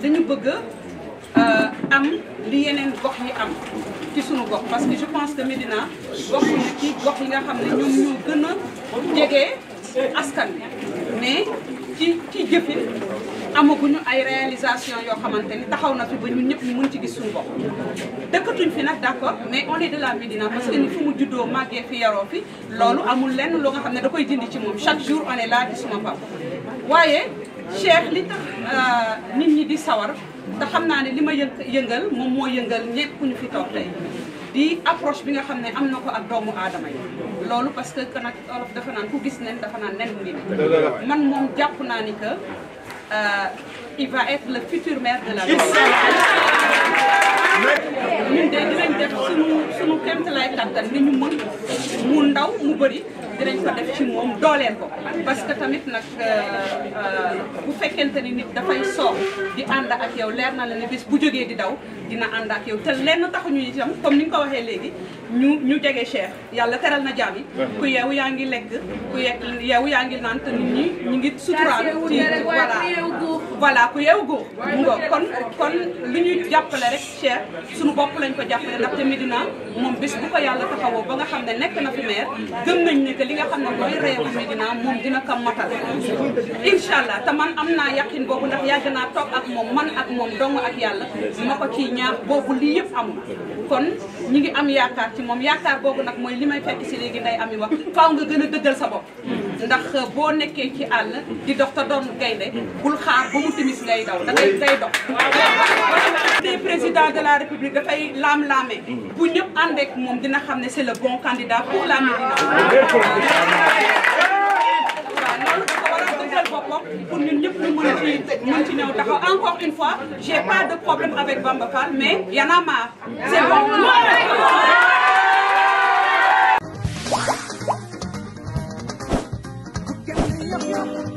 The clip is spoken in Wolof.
dañu bëgg euh, am li yeneen gox yi am ci sunu gox parce que je pense que Médina gox ci gox yi nga xam ne ñoom ñoo gën a jege askan mais ci ci jëfin amaguñu ay réalisation yoo xamante ni taxaw na fi bu ñun ñëpp ñu mën ci gis suñu bopp dëkkatuñ fi nag d'accord mais on est de la Médina parce que ni fu màggee fi loolu amul lenn loo nga xam ne da ci moom chaque jour on est là di suma papa waaye Cheikh li euh, nit ñi di sawar te xam naa ne li ma yëngal moom moo yëngal ñëpp ku ñu fi toog tey di approche bi nga xam ne am na ko ak doomu aadama yi loolu parce que nag olof dafa naan ku gis nen dafa naan nen mu ngi man moom jàpp naa ni que Euh, il va être futur maire de la ville. ñun de dinañ def suñu suñu kéem lay kàttan ni ñu mën mu ndaw mu bëri dinañ ko def ci moom dooleel ko parce que tamit nag euh, euh, bu fekkente ni nit dafay soox di ànd ak yow leer na la ne bis bu jógee di daw dina ànd ak yow te lenn taxuñu itam comme ni nga ko waxee léegi ñu ñu jege Cheikh yàlla teral na jaam yi ku yeewu yaa ngi lekk ku yeewu yaa ngi naan nit ñi ñu ngi suturaal ci voilà voilà ku yeewu góor mu nga kon kon lu ñuy jàppale rek cher suñu bopp lañ ko jàppale ndaxte Médina moom bés bu ko yàlla taxawoo ba nga xam ne nekk na fi maire gën nañ ne li nga xam ne mooy réewu Médina moom dina ko matal incha allah te man am naa yaqin boobu ndax yàgg naa toog ak moom man ak moom dong ak yàlla ma ko ciy ñaax boobu lii yëpp amul kon ñu ngi am yaakaar ci moom yaakaar boobu nag mooy li may fekk si léegi nday am yi wax faaw nga gën a dëggal sa bopp ndax boo nekkee ci àll di dox te doon gaynde bul xaar ba mu timis ngay daw da ngay ngay dox te président de la république dafay laam-laame bu ñëpp ànd ak moom dina xam ne c'est le bon candidat pour la Médina pour ñun ñëpp ñu mën ci mën ci ñëw taxaw encore une fois j'ai pas de problème avec Bamba Fall mais y en a marre c'est bon yëpp yëpp